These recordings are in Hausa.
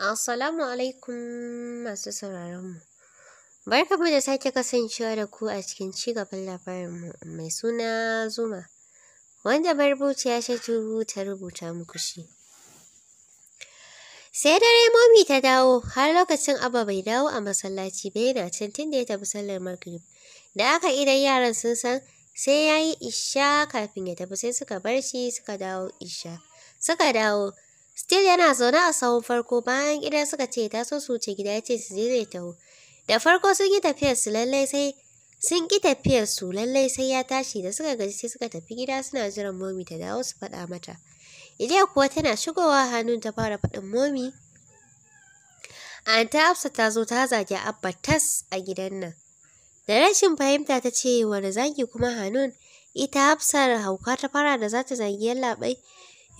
Assalamu alaikum masu sauraronmu. mu da sake kasancewa da ku a cikin cigaban labarinmu mai suna Zuma, wanda marubuciya Shatu ta rubuta muku shi. Sai dare momi ta dawo har lokacin Abba bai dawo a masallaci ba yana can tun da ya tafi sallar Maghrib. Da aka idan yaran sun san sai ya yi isha kafin ya tafi sai suka bar shi suka dawo isha. Suka dawo Steve yana zaune a sahun farko bayan gida suka ce ta so su wuce gida ya ce su zai taho. Da farko sun yi tafiyar su lallai sai sun ƙi tafiyar su lallai sai ya tashi da suka gaji sai suka tafi gida suna jiran momi ta dawo su faɗa mata. Iliya kuwa tana shigowa hannun ta fara faɗin momi. Anta Hafsa ta zo ta zagi Abba tas a gidan nan. Da rashin fahimta ta ce wani zagi kuma hannun? ita Hafsar hauka ta fara da za ta zagi yallaɓai.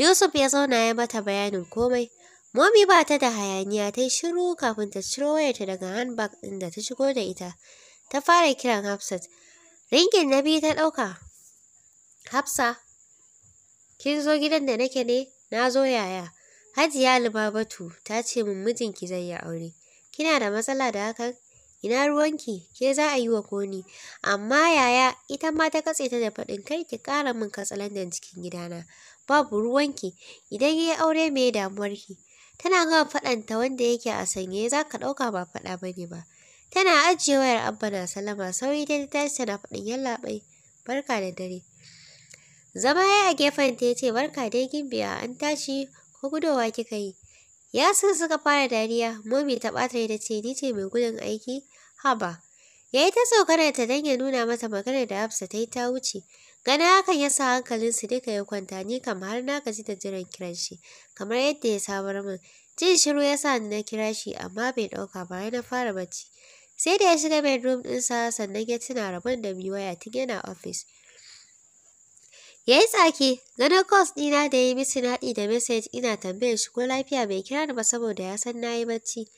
Yusuf ya zauna ya mata bayanin komai. Momi ba ta da hayaniya ta yi shiru kafin ta ciro wayarta daga handbag ɗin da ta shigo da ita. Ta fara kiran Hafsat. Ringin na biyu ta ɗauka. Hafsa, kin zo gidan da nake ne? Na zo yaya. Hajiya Lubabatu ta ce min mijinki zai yi aure. Kina da matsala da hakan? ina ruwanki ke za a yi wa koni amma yaya ita ma ta katse ta da faɗin kai ki ƙara min katsalandan cikin gidana babu ruwanki idan yayi yi aure damuwar ki. tana gama faɗanta wanda yake a sanye za ka ɗauka ba faɗa bane ba tana ajiye wayar abba na salama sauri dai ta tashi tana faɗin yallaɓai barka da dare zama ya a gefen ta yace barka dai gimbiya an tashi ko gudowa kika yi ya suka fara dariya momi ta ɓata da ce ni ce mai gudun aiki haba yayi yi ta saukar ta danya ya nuna mata maganar da hafsa ta ta wuce Gana hakan ya sa su duka ya kwanta ni kam har na gaji da jiran kiran shi kamar yadda ya samar min. Jin shiru ya sa ni na kira shi amma bai ɗauka ba na fara bacci. Sai da ya shiga bedroom ɗinsa sannan ya tuna rabon da mi waya tun yana ofis. Ya yi tsaki, ganin kos ɗina da ya yi misin haɗi da message ina tambayar shi ko lafiya bai kira ni ba saboda ya san na yi bacci.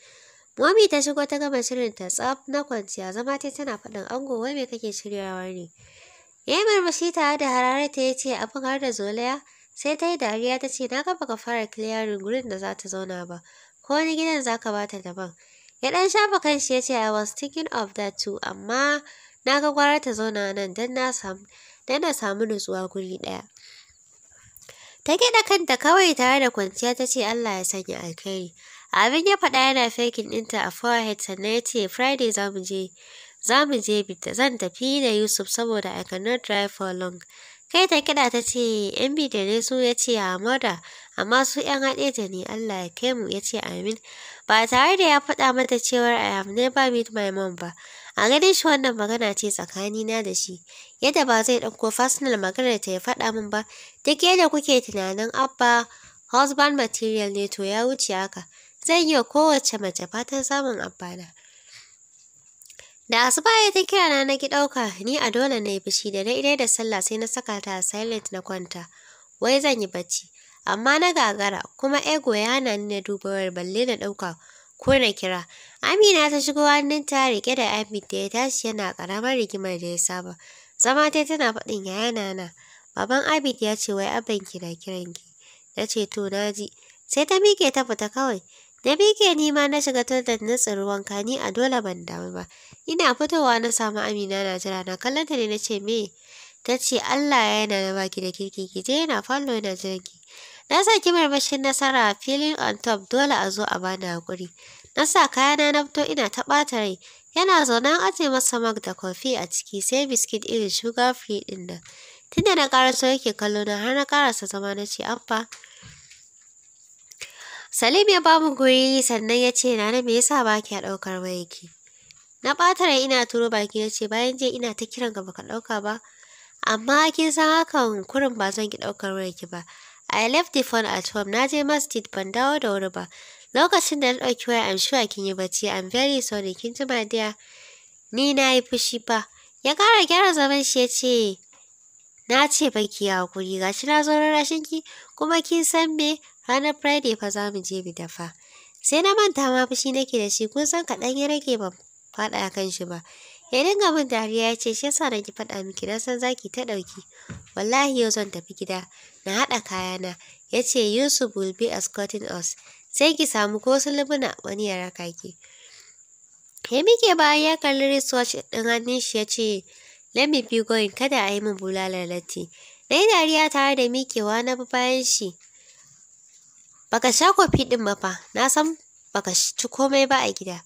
Momi ta shigo ta gama shirin ta tsaf na kwanciya zama ta tana faɗin ango wai me kake shiryawa ne. Ya yi murmushi tare da hararta ya ce abin har da zolaya sai ta yi dariya ta ce na gaba ka fara kiliyarin gurin da za ta zauna ba ko wani gidan za ka bata daban. Ya ɗan shafa kanshi ya ce I was thinking of that too amma na ga gwara ta zauna nan don na samu don na samu nutsuwa guri ɗaya. Ta gina kanta kawai tare da kwanciya ta ce Allah ya sanya alkhairi. Abin ya faɗa yana fekin ɗinta a forehead sannan ya ce Friday za mu je za mu je bita zan tafi da Yusuf saboda I cannot drive for long. Kai ta kiɗa ta ce ‘yan bida ne su ya ce a mada, amma su ‘yan haɗe da ni, Allah ya kai mu ya ce amin. Ba tare da ya faɗa mata cewar I have never meet my mom ba. A ganin shi wannan magana ce tsakani na da shi, yadda ba zai ɗauko fasinal maganar ta ya faɗa min ba, duk yadda kuke tunanin abba husband material ne to ya wuce haka. Zan yi wa kowace mace fatan samun na. Da asuba ya ta kira na na ki ɗauka, ni a dole na yi fushi da daidai da sallah sai na saka ta silent na kwanta. Wai zan yi bacci, amma na gagara kuma ego ya hana ni na dubawar balle na ɗauka ko na kira. Amina ta shigo ta Rike da Amin da ya tashi yana ƙaramar rigimar da ya saba. Zama ta tana faɗin yaya nana. Baban Abid ya ce wai abanki na ki Na ce to na ji. Sai ta miƙe ta fita kawai. Da bike ni ma na shiga tantan na ruwan kani a dole ban damu ba. Ina fitowa na samu Amina na jira na kallon ta ne na ce me ta ce Allah ya yana na baki da kirki ki je yana fallo yana jiran ki. Na saki marmashin nasara filin on top dole a zo a bani hakuri. Na sa kayana na fito ina ta ɓata rai. Yana zaune an ajiye masa mug da kofi a ciki sai biskit irin sugar free ɗin nan. Tunda na ƙaraso yake kallo na har na karasa zama na ce amfa. Salim ya ba mu guri sannan ya ce nana me yasa ba ki ɗaukar wayarki? Na bata rai ina turo baki ya ce bayan je ina ta kiran ka baka ɗauka ba. Amma kin san hakan kurin ba zan ki ɗaukar wayarki ba. I left the phone at home. Na je masjid ban dawo da wuri ba. Lokacin da na ɗauki waya I'm sure kin yi bacci. I'm very sorry. Kin ji ma dear. Ni na yi fushi ba. Ya kara gyara zaman shi ya ce na ce baki ya hakuri gashi na zo rashin ki kuma kin san me Ranar Friday fa za mu je bi dafa. Sai na manta ma fushi nake da shi kun san kaɗan ya rage ba faɗa a kan shi ba. Ya dinga min dariya ya ce shi yasa na ki faɗa miki na san zaki ta ɗauki. Wallahi yau zan tafi gida na haɗa kayana. Ya ce Yusuf will be escorting us. Sai ki samu ko sulubuna wani ya raka ki. Ya mike bayan ya kalli wristwatch ɗin hannun shi ya ce let me be going kada a yi min bulalar latti. Na yi dariya tare da miƙewa na bayan shi. Baka sha kofi din ba fa, na san baka ci komai ba a gida.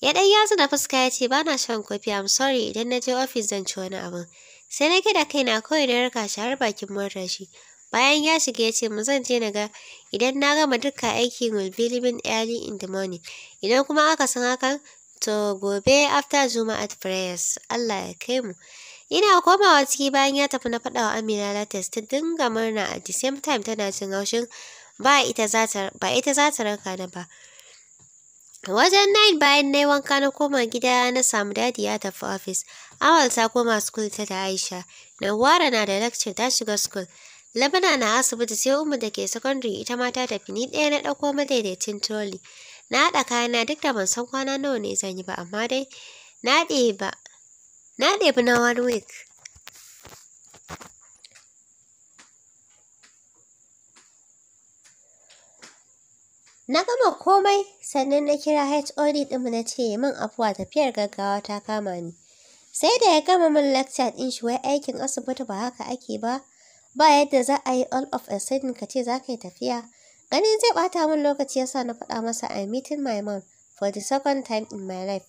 Ya dan yatsu na fuska ya ce ba na shan kofi, I'm sorry idan na je ofis zan ci wani abin. Sai na gida kaina kawai na raka shi har bakin mota shi. Bayan ya shiga yace ce mu zan je na ga idan na gama duka aiki will be leaving early in the morning. Idan kuma aka san hakan to gobe after Juma'at prayers Allah ya kai mu. Ina komawa ciki bayan ya tafi na faɗawa Amina latest ta dinga murna a the same time tana cin haushin ba ita za ta ba ita za ta raka ni ba wajen nine bayan na yi wanka na koma gida na samu dadi ya tafi ofis awal ta koma school ta da aisha nawara na da lecture ta shiga school labana na asibiti sai umu da ke secondary ita ma ta tafi ni ɗaya na ɗauko madaidaicin trolley na haɗa kayana duk da ban san kwana nawa ne zan yi ba amma dai na ɗebi na one week Na gama komai sannan na kira HOD ɗinmu na ce min afuwa tafiyar gaggawa ta kama ni. Sai da ya gama min lecture ɗin shi wai aikin asibiti ba haka ake ba, ba yadda za a yi all of a sudden ka ce za ka yi tafiya. Ganin zai ɓata min lokaci yasa na faɗa masa I'm meeting my mom for the second time in my life.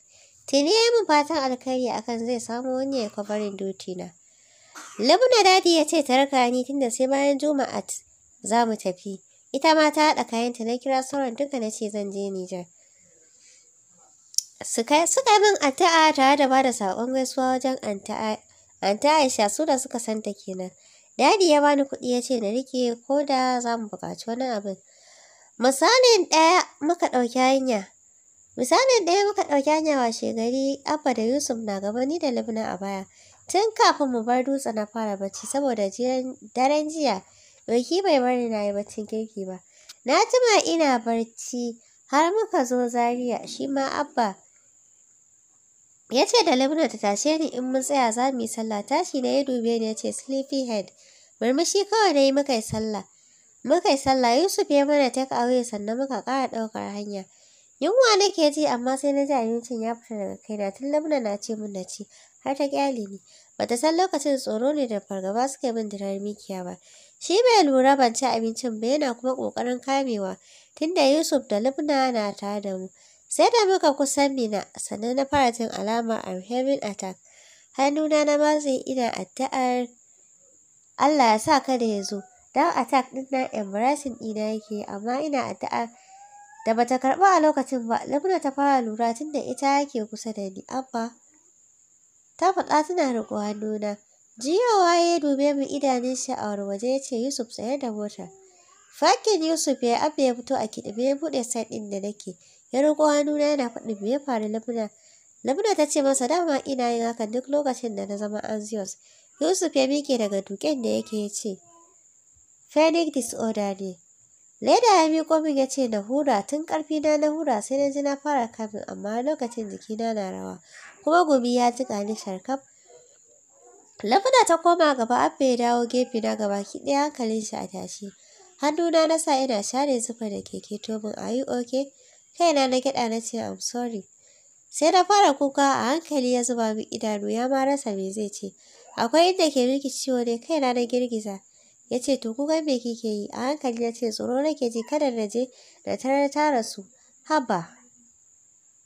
Tuni ya yi min fatan alkhairi akan zai samu wani ya kwabarin duty na. Labuna dadi ya ce ta raka ni tunda sai bayan Juma'at za mu tafi. Ita ma ta haɗa kayanta na kira sauran duka na ce zan je Nijar. Suka yi min ataa tare da bada saƙon gaisuwa wajen anta Aisha su da suka santa kenan. Dadi ya bani kuɗi ya ce na rike ko da za mu buƙaci wani abin. Misalin ɗaya muka ɗauki hanya. Misalin ɗaya muka ɗauki hanya washe gari Abba da Yusuf na gaba ni da Libna a baya. Tun kafin mu bar dutse na fara bacci saboda daren jiya Doki bai bari na yi baccin kirki ba. Na jima ina barci har muka zo Zaria shi ma Abba ya ce da Labna ta tashe ni in mun tsaya za mu yi sallah tashi na ya dube ni ya ce sleepy head murmushi kawai na yi muka yi sallah. Muka yi sallah Yusuf ya mana take away sannan muka ƙara ɗaukar hanya. Yunwa nake ji amma sai na ji abincin ya fita daga kaina tun Labna na ce mun na ci har ta ƙyale ni. Bata san lokacin tsoro ne da fargaba suka yi min dirar mikiya ba. Shi bai lura ban ci abincin ba yana kuma ƙoƙarin kamewa tunda Yusuf da Lubna na tare da mu. Sai da muka kusan mina sannan na fara jin alamar I'm having attack. Hannuna na matse ina addu'ar Allah ya sa kada ya zo. Dan attack din na embarrassing ɗina yake amma ina addu'ar da bata karɓa a lokacin ba Lubna ta fara lura tunda ita yake kusa da ni amma ta faɗa tana riƙo hannuna. Jiyowa ya dube mu shi a warwaje ya ce Yusuf tsaye da motar. Fakin Yusuf ya abu ya fito a kiɗi ya buɗe site ɗin da nake. Ya roƙo hannuna yana faɗin me ya faru Lamuna. Lamuna ta ce masa dama ina yin hakan duk lokacin da na zama anxious. Yusuf ya miƙe daga duken da yake ya ce panic disorder ne. Leda ya miƙo min ya ce na hura tun ƙarfi na na hura sai na ji na fara kafin amma lokacin jikina na rawa kuma gumi ya jiƙa ni sharkaf Lafuna ta koma gaba abba ya dawo gefe na gaba ki ɗaya hankalin shi a tashi. Hannuna na sa ina share zufa da keke tobin a yi oke, kaina na gyaɗa na ce I'm sorry. Sai na fara kuka a hankali ya zuba min idanu ya ma rasa me zai ce. Akwai inda ke miki ciwo ne kaina na girgiza. Ya ce to kuka me kike yi a hankali na ce tsoro nake ji kada na je da tarar ta rasu. Haba.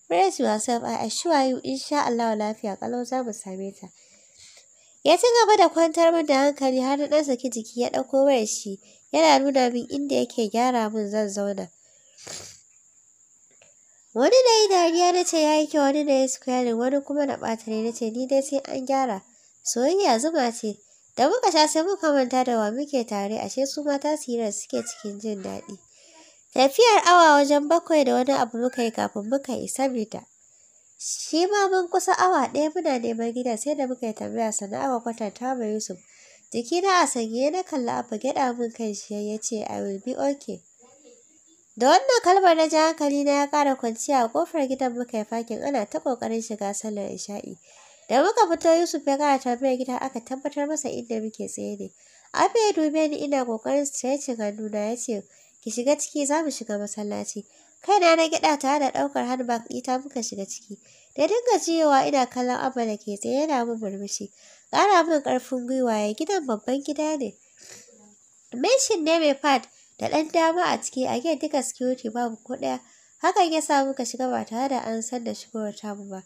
Praise yourself I assure you insha Allah lafiya kalau za mu same ta. Ya ci gaba da kwantar min da hankali har na ɗan saki jiki ya ɗauko wayar shi yana nuna min inda yake gyara min zan zauna. Wani na yi dariya na ce ya yi kyau wani na yi square wani kuma na ɓata ne na ce ni dai sai an gyara. Soyayya zuma ce da muka sha sai muka manta da wa muke tare ashe su ma tasirar suke cikin jin daɗi. Tafiyar awa wajen bakwai da wani abu muka yi kafin muka isa mita. Shi ma mun kusa awa ɗaya muna neman gida, sai da muka yi tambaya sannan aka kwatanta ma Yusuf. jiki na a sanye na kalli abu gyaɗa mun kan shi ya ce I will be Da wannan kalmar na ji hankali na ya ƙara kwanciya a ƙofar gidan muka yi fakin ana ta ƙoƙarin shiga sallar isha'i. Da muka fito Yusuf ya ƙara tambayar gida aka tabbatar masa inda muke tsaye ne. Abu ya dube ni ina ƙoƙarin stretching hannuna ya ce ki shiga ciki za mu shiga masallaci. Kaina na gyaɗa tare da ɗaukar handbag ɗita muka shiga ciki. Da dinga jiyowa ina kallon Abba da ke tsaye yana min murmushi. Ƙara min karfin gwiwa ya gidan babban gida ne. mashin ne mai fad da ɗan dama a ciki a gidan duka security babu ko ɗaya. Hakan ya sa muka shiga ba tare da an san da shigowar tamu ba.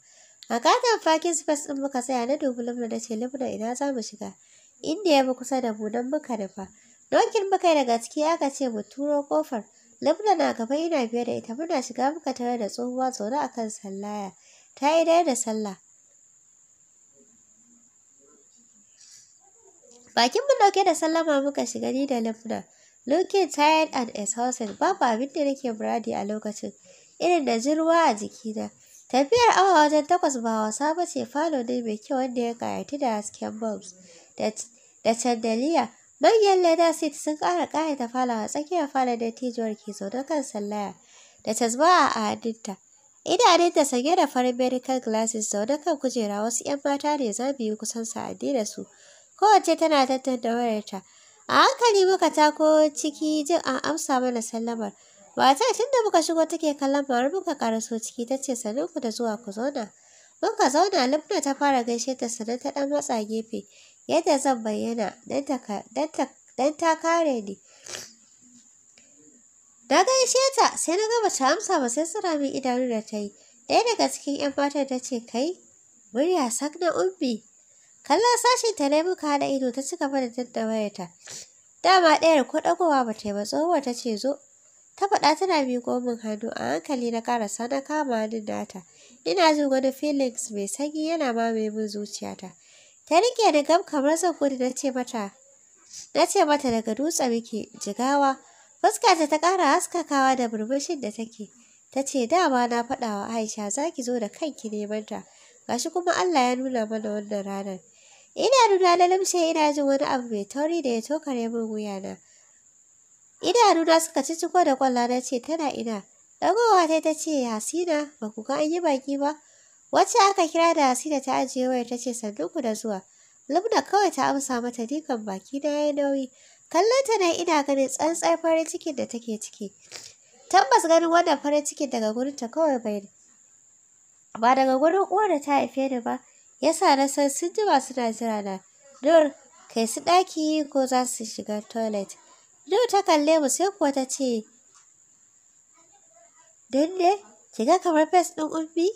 A katon fakin space ɗin muka tsaya na dubi Lumna na ce Lumna ina za mu shiga. Inda ya bi kusa da mu don muka nufa. Dokin muka yi daga ciki aka ce mu turo kofar Labna na gaba yana biye da ita muna shiga muka tare da tsohuwa zaune a kan sallaya. Ta yi daya da sallah. Bakin mu dauke da sallama muka shiga ni da Labna. Looking tired and exhausted babu abin da nake muradi a lokacin. Irin da jirwa a jikina. Tafiyar awa wajen takwas ba wasa ba ce falo ne mai kyau wanda ya kayatu da hasken bulbs da chandelier Manyan leda seat sun ƙara ƙayata falon a tsakiyar da dattijuwar ke zaune kan sallaya da tasbaha a hannunta. Idanunta sanye da farin medical glasses zaune kan kujera wasu ‘yan mata ne za biyu kusan sa'adi da su. Kowace tana tattauna wayarta. A hankali muka tako ciki jin an amsa mana sallamar. mata tun da muka shigo take kallon bari muka karaso ciki ta ce sannu ku da zuwa ku zauna. Muka zauna Lubna ta fara gaishe ta sannan ta ɗan matsa gefe. yadda zan bayyana don ta kare ni. Na gaishe ta sai na ga bata amsa ba sai tsira min idanu da ta yi. Ɗaya daga cikin 'yan matan ta ce kai murya sak na ummi. Kallon sashen ta na muka haɗa ido ta ci gaba da tattawayar ta. Dama ɗayar ko ɗagowa ba ta yi ba tsohuwar ta ce zo. Ta faɗa tana miƙo min hannu a hankali na ƙarasa na kama hannun nata. Ina jin wani feelings mai sanyi yana mamaye min zuciyata. Ta riƙe da gam kamar zan gudu na ce mata, ce mata daga dutse muke jigawa, fuska ta ƙara haskakawa da murmushin da take. Ta ce dama na faɗa wa Aisha za ki zo da kanki neman ta, gashi kuma Allah ya nuna mana wannan ranar. Ina nuna na lamshe ina jin wani abu mai tauri da ya tokare min wuyana. Idanuna suka ci ciko da kwalla na ce tana ina. Ɗagowa ta ta ce Hasina ba ku ga an yi baki ba. Wacce aka kira da Hasina ta ajiye wayar ta ce sanduku da zuwa. Lubna kawai ta amsa mata dikan baki na yayi nauyi. Kallon ta ina ganin tsantsar farin cikin da take ciki. Tabbas ganin wannan farin cikin daga gurin ta kawai bai ba daga gurin uwar da ta haife ni ba yasa na san sun jima suna jira na. Nur kai su ɗaki ko za su shiga toilet. Nur ta kalle mu sai kuwa ta ce Dande, kiga kamar fes ɗin ummi?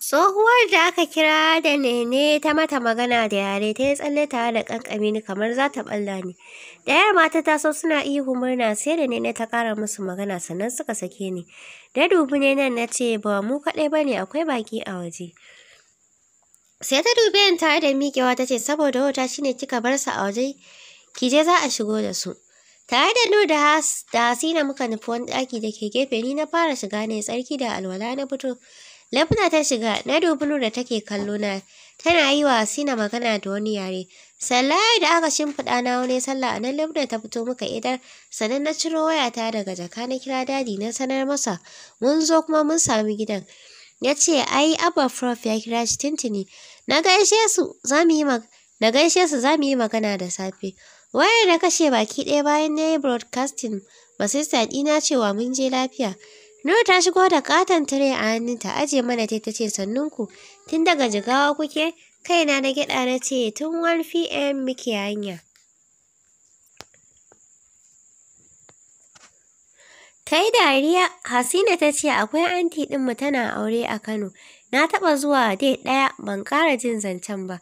Tsohuwar da aka kira da nene ta mata magana da yare ta yi tsalle tare da kankami ni kamar za ta balla ni. Da yar mata ta so suna ihu murna sai da nene ta kara musu magana sannan suka sake ni. Da dubi ne nan na ce ba mu kaɗai ba ne akwai baki a waje. Sai ta dubi yin tare da miƙewa ta ce saboda wata shine kika bar su a waje ki je za a shigo da su. Tare da Nur da Hasina muka nufi wani ɗaki da ke gefe ni na fara shiga ne tsarki da alwala na fito. Lafna ta shiga, na dubi da take kallo na. Tana yi wa Asina magana da wani yare. Sallaya da aka shimfiɗa na wani sallah a nan Lafna ta fito muka idan sannan na ciro wayata daga jaka na kira dadi na sanar masa. Mun zo kuma mun sami gidan. Ya ce, ai, Abba Prof ya kira shi tintini. Na gaishe su, za mu yi Na gaishe su za mu yi magana da safe. Wayar da kashe baki ɗaya bayan na yi broadcasting, sai sa ɗina cewa mun je lafiya. Nur ta shigo da katon tire a hannunta aje mana ta ce sannunku tun daga jigawa kuke kaina na gyaɗa na ce tun 1 pm muke hanya. Ta dariya Hasina ta ce akwai anti ɗinmu tana aure a Kano na taɓa zuwa dai ɗaya ban kara jin zancen ba.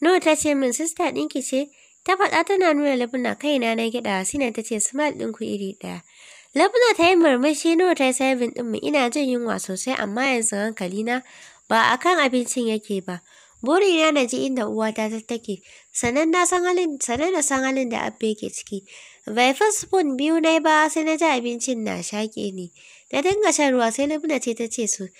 Nur ta ce min sista dinki ce ta faɗa tana nuna labuna kaina na gyaɗa Hasina ta ce smile ɗinku iri ɗaya. Labna ta yi murmushi nawa ta yi sabin ɗinmu ina jin yunwa sosai amma yanzu hankali na ba a kan abincin yake ba. Burina na ji inda uwata ta take, sannan na san halin, sannan na san halin da abba yake ciki. Bai fi spoon biyu na ba sai na ji abincin na shaƙe ni. Na dinga shan ruwa sai Labna ce ta ce su.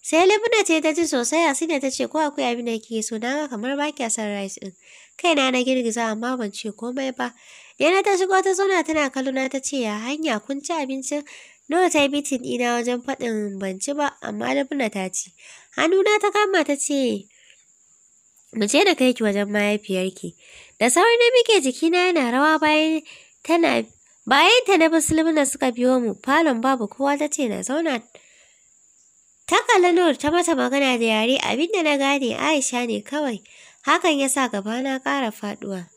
Sai Labna ce ta ji sosai Hasina ta ce ko akwai abin da kike so na kamar ba kya son rice din. Kaina na girgiza amma ban ce komai ba. Yana ta shigo ta zauna tana kallona ta ce ya hanya kun ci abincin Noah ta yi bitin ɗina wajen faɗin ban ci ba amma Lubna ta ci. Hannuna ta kama ta ce mu je na kai ki wajen mahaifiyarki. Da sauri na jikina yana rawa bayan tana bayan ta na musulmuna suka biyo mu falon babu kowa ta ce na zauna ta kalli Nur ta mata magana da yare abinda na gane Aisha ne kawai hakan yasa sa na ƙara faɗuwa.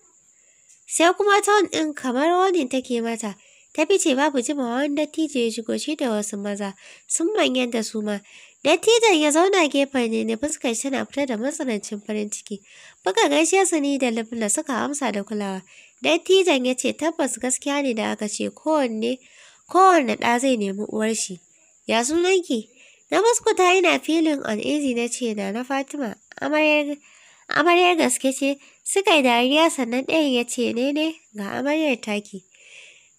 Sai kuma ton ɗin kamar wani take mata. Ta fice babu jimawa wani dattijo ya shigo shi da wasu maza sun manyan da su ma. Dattijon ya zauna gefen ne na fuskar tana fita da matsanancin farin ciki. Buka gaishe su ni da Libna suka amsa da kulawa. Dattijon ya ce tabbas gaskiya ne da aka ce kowanne kowanne ɗa zai nemi uwar shi. Ya sunanki? Na muskuta ina filin uneasy na ce na na Fatima amaryar gaske ce Suka yi dariya sannan ɗayan ya ce ne ne ga amaryar taki.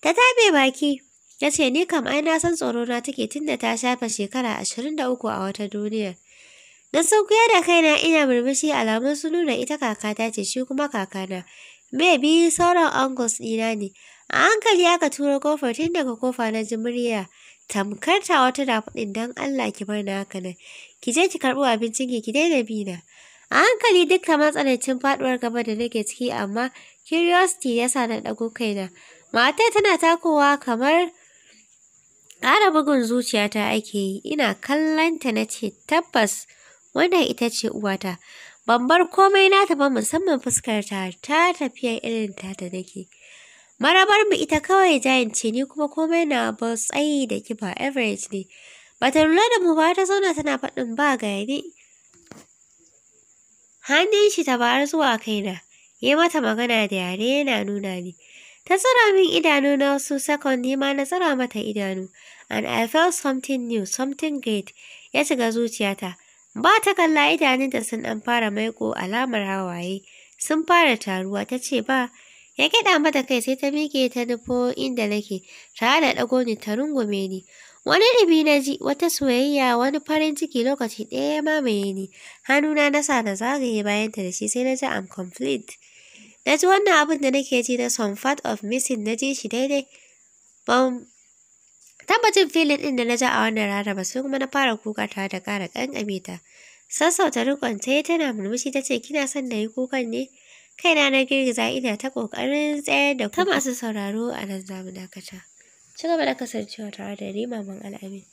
Ta taɓe baki ya ce ni kam ai na san tsoro na take tunda ta shafe shekara ashirin da uku a wata duniya. Na kuya da kaina ina murmushi alamun su nuna ita kakata ce shi kuma kakana. Maybe sauran angles ɗina ne. A hankali aka turo kofar tun daga kofa na ji murya. Tamkar dafaɗin tana faɗin don Allah ki bar na haka nan. Ki je ki karɓo abincin ki ki daina bi na. A hankali dukka da matsanancin faɗuwar gaba da nake ciki amma curiosity ya sa na ɗago kaina. Matar tana takowa kamar ƙara bugun zuciyata ake yi. Ina kallon ta na ce tabbas wannan ita ce uwata. Ban bar komai nata ba musamman fuskar ta ta tafiya irin ta da nake. Marabar mu ita kawai giant ce ni kuma komai na ba tsayi da kiba average ne. Bata lura da mu ba ta zauna tana faɗin ba gaya hannun shi ta bar zuwa kaina ya mata magana da yare yana nuna ni ta tsara min idanu na wasu sakon ma na tsara mata idanu and I felt something new something great ya shiga zuciyata ba ta kalla idanun idanunta sun ɗan fara maiko alamar hawaye sun fara taruwa ta ce ba ya kiɗa mata kai sai ta mike ta nufo inda nake tare da ɗago ni ta rungume ni Wani ɗumi na ji, wata soyayya, wani farin ciki lokaci ɗaya ya mamaye ni. Hannuna na sa na zagaye bayanta da shi sai na ji I'm complete. Na ji wannan abin da nake ji na some part of missing na ji shi daidai. Ban tabbacin filin ɗin da na ji a wannan rana ba sai kuma na fara kuka ta da ƙara ƙanƙame ta. Sassauta rikon ta tana murmushi ta ce kina son na yi kukan ne? Kaina na girgiza ina ta ƙoƙarin tsayar da ku. Ta masu sauraro a nan zamu dakata. Ci gaba da kasancewa tare da ni Maman Al'amin.